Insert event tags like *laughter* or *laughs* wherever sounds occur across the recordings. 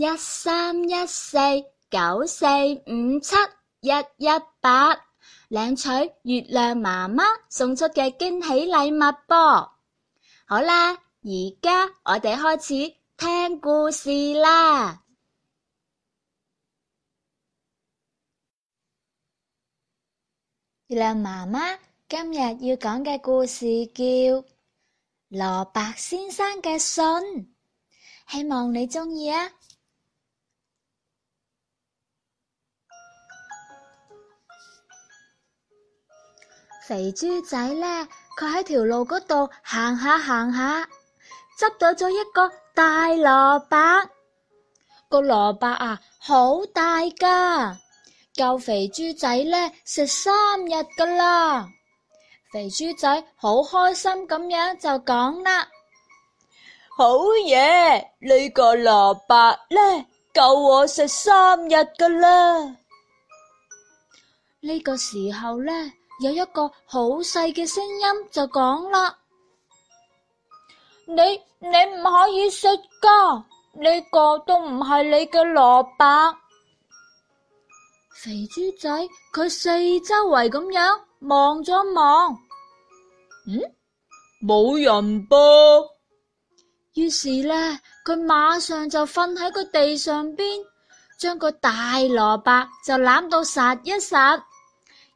一三一四九四五七一一八，領取月亮媽媽送出嘅驚喜禮物啵。好啦，而家我哋開始聽故事啦。月亮媽媽今日要講嘅故事叫《蘿蔔先生嘅信》，希望你鍾意啊！肥豬仔呢，佢喺條路嗰度行下行下，執到咗一個大蘿蔔。個蘿蔔啊，好大噶，夠肥豬仔呢，食三日噶啦。肥豬仔好開心咁樣就講啦：好嘢，呢個蘿蔔呢，夠我食三日噶啦。呢個時候呢。有一個好細嘅聲音就講啦：你你唔可以食㗎，呢個都唔係你嘅蘿蔔。肥豬仔佢四周圍咁樣望咗望，嗯，冇人噃。於是呢，佢馬上就瞓喺個地上邊，將個大蘿蔔就攬到實一實。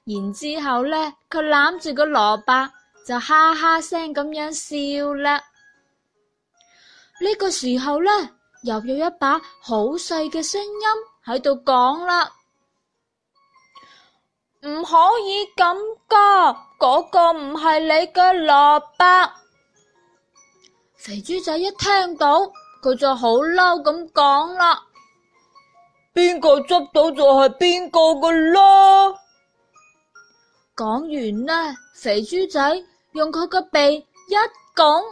然之後咧，佢攬住個蘿蔔就哈哈聲咁樣笑啦。呢個時候呢，又有一把好細嘅聲音喺度講啦：唔可以咁噶，嗰個唔係你嘅蘿蔔。肥豬仔一聽到佢就好嬲咁講啦：邊個捉到就係邊個噶咯。講完呢，肥豬仔用佢個鼻一拱，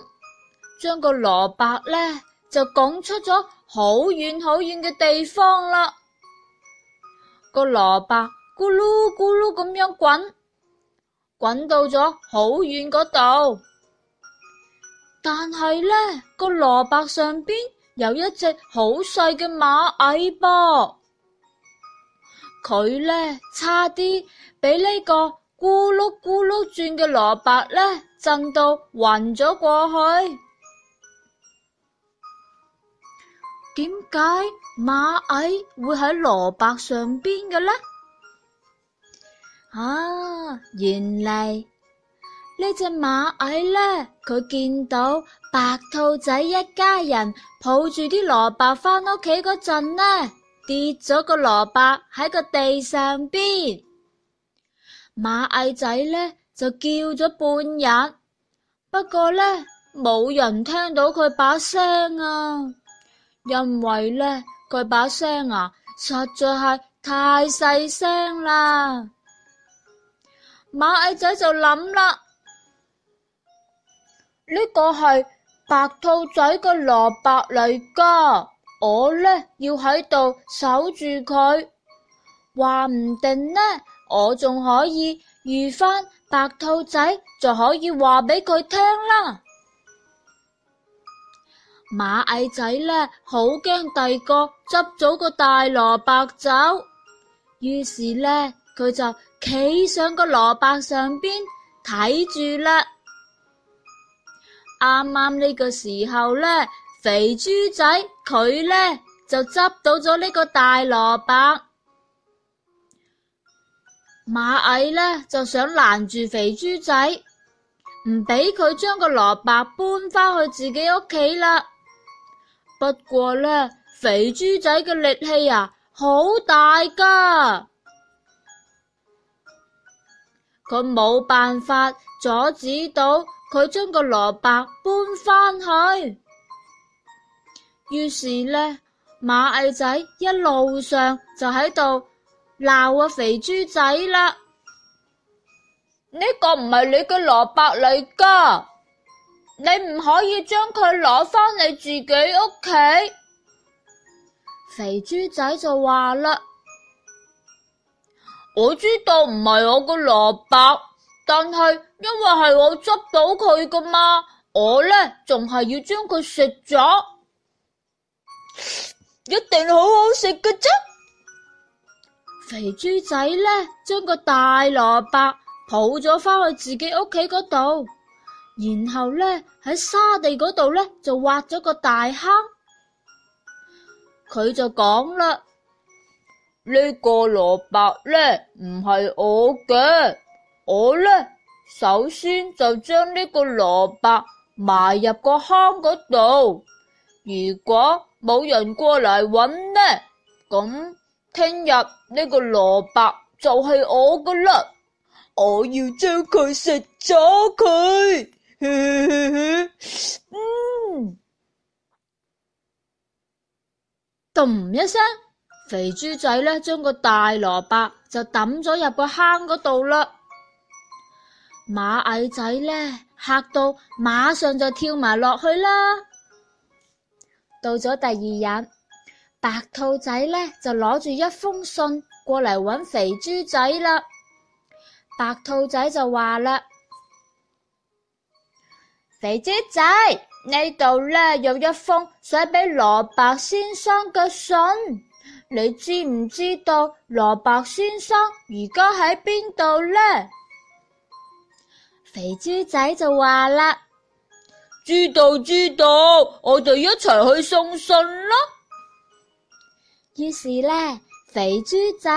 將個蘿蔔呢就拱出咗好遠好遠嘅地方啦。個蘿蔔咕嚕咕嚕咁樣滾，滾到咗好遠嗰度。但係呢，個蘿蔔上邊有一隻好細嘅螞蟻噃，佢呢差啲俾呢個。咕碌咕碌轉嘅蘿蔔呢，震到暈咗過去。點解螞蟻會喺蘿蔔上邊嘅呢？啊，原來呢隻螞蟻呢，佢見到白兔仔一家人抱住啲蘿蔔返屋企嗰陣呢，跌咗個蘿蔔喺個地上邊。螞蟻仔呢，就叫咗半日，不過呢，冇人聽到佢把聲啊，因為呢，佢把聲啊實在係太細聲啦。螞蟻仔就諗啦，呢個係白兔仔嘅蘿蔔嚟噶，我呢，要喺度守住佢，話唔定呢。我仲可以遇翻白兔仔，就可以話俾佢聽啦。螞蟻仔呢，好驚第個執咗個大蘿蔔走，於是呢，佢就企上個蘿蔔上邊睇住啦。啱啱呢個時候呢，肥豬仔佢呢，就執到咗呢個大蘿蔔。螞蟻呢，就想攔住肥豬仔，唔俾佢將個蘿蔔搬返去自己屋企啦。不過呢，肥豬仔嘅力氣啊好大噶，佢冇辦法阻止到佢將個蘿蔔搬返去。於是呢，螞蟻仔一路上就喺度。鬧我肥豬仔啦！呢個唔係你嘅蘿卜嚟噶，你唔可以將佢攞翻你自己屋企。肥豬仔,肥豬仔就話啦：我知道唔係我嘅蘿卜，但係因為係我捉到佢噶嘛，我呢，仲係要將佢食咗，一定好好食嘅啫。肥豬仔呢，將個大蘿蔔抱咗返去自己屋企嗰度，然後呢，喺沙地嗰度呢，就挖咗個大坑，佢就講啦：呢個蘿蔔呢，唔係我嘅，我呢，首先就將呢個蘿蔔埋入個坑嗰度，如果冇人過嚟搵呢，咁。聽日呢個蘿蔔就係我噶啦，我要將佢食咗佢。 *laughs* 嗯，咚一聲，肥豬仔呢，將個大蘿蔔就抌咗入個坑嗰度啦。螞蟻仔呢，嚇到，馬上就跳埋落去啦。到咗第二日。白兔仔呢，就攞住一封信過嚟搵肥豬仔啦。白兔仔就話啦：肥豬仔，呢度呢有一封寫俾蘿蔔先生嘅信，你知唔知道蘿蔔先生而家喺邊度呢？肥豬仔就話啦：知道知道，我哋一齊去送信咯。於是呢，肥豬仔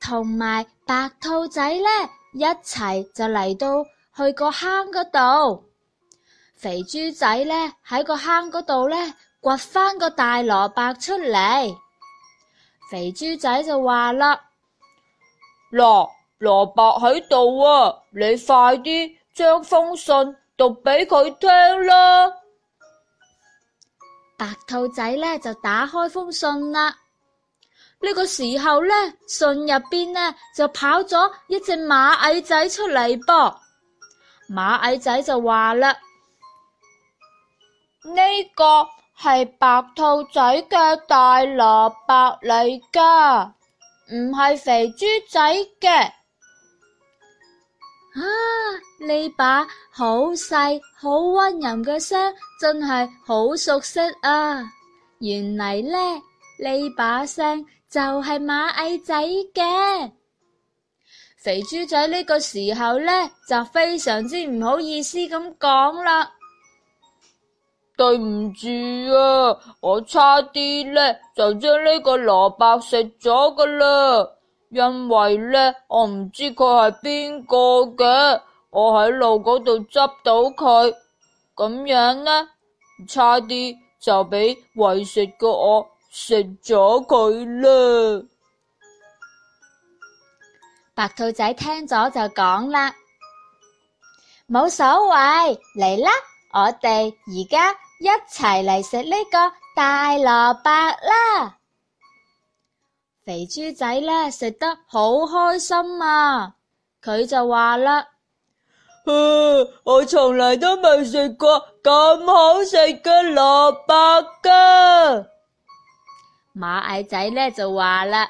同埋白兔仔呢，一齊就嚟到去個坑嗰度。肥豬仔呢，喺個坑嗰度呢，掘返個大蘿卜出嚟。肥豬仔就話啦：「嗱，蘿卜喺度啊，你快啲將封信讀俾佢聽啦。白兔仔呢，就打開封信啦，呢個時候呢，信入邊呢，就跑咗一隻螞蟻仔出嚟噃，螞蟻仔就話啦：呢個係白兔仔嘅大蘿蔔嚟噶，唔係肥豬仔嘅。啊！呢把好細好溫柔嘅聲，真係好熟悉啊！原嚟呢，呢把聲就係螞蟻仔嘅。肥豬仔呢個時候呢，就非常之唔好意思咁講啦，對唔住啊！我差啲呢，就將呢個蘿蔔食咗噶啦～因為咧，我唔知佢係邊個嘅，我喺路嗰度執到佢，咁樣呢，差啲就俾喂食嘅我食咗佢啦。白兔仔聽咗就講啦，冇所謂，嚟啦，我哋而家一齊嚟食呢個大蘿蔔啦。肥豬仔呢，食得好開心啊！佢就話啦，呃，我從來都未食過咁好食嘅蘿蔔噶。螞蟻仔呢就話啦，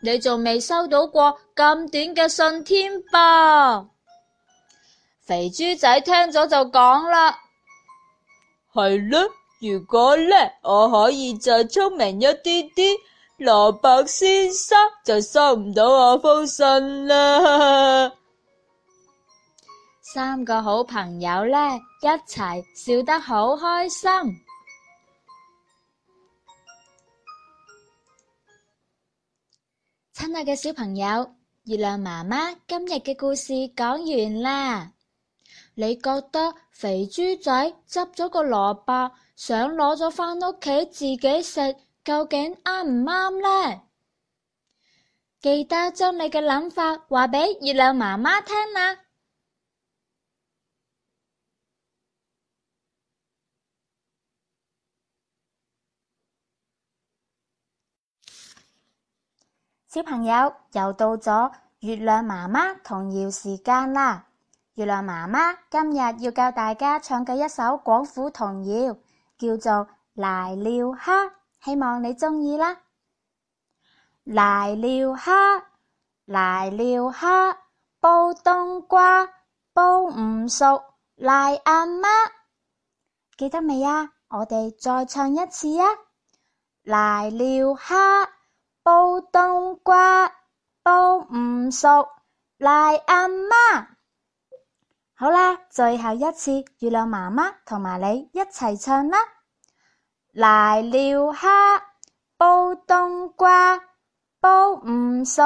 你仲未收到過咁短嘅信添噃？肥豬仔聽咗就講啦，係咯，如果呢我可以再聰明一啲啲，蘿蔔先生就收唔到我封信啦。三個好朋友呢，一齊笑得好開心。親愛嘅小朋友，月亮媽媽今日嘅故事講完啦。你覺得肥豬仔執咗個蘿蔔，想攞咗返屋企自己食，究竟啱唔啱呢？記得將你嘅諗法話俾月亮媽媽聽啦，小朋友，又到咗月亮媽媽童謠時間啦。月亮媽媽今日要教大家唱嘅一首廣府童謠，叫做《瀨尿蝦》。希望你中意啦！瀨尿蝦，瀨尿蝦，煲冬瓜煲唔熟，賴阿媽，記得未啊？我哋再唱一次啊！瀨尿蝦，煲冬瓜煲唔熟，賴阿媽。好啦，最後一次，月亮媽媽同埋你一齊唱啦。來料蝦，煲冬瓜，煲唔熟，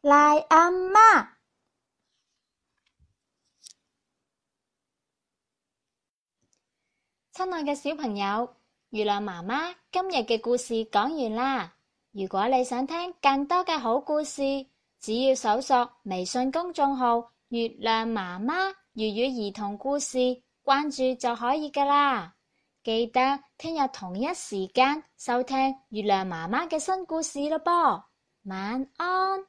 賴阿媽。親愛嘅小朋友，月亮媽媽今日嘅故事講完啦。如果你想聽更多嘅好故事，只要搜索微信公眾號“月亮媽媽粵語兒童故事”，關注就可以噶啦。記得聽日同一時間收聽月亮媽媽嘅新故事咯噃，晚安。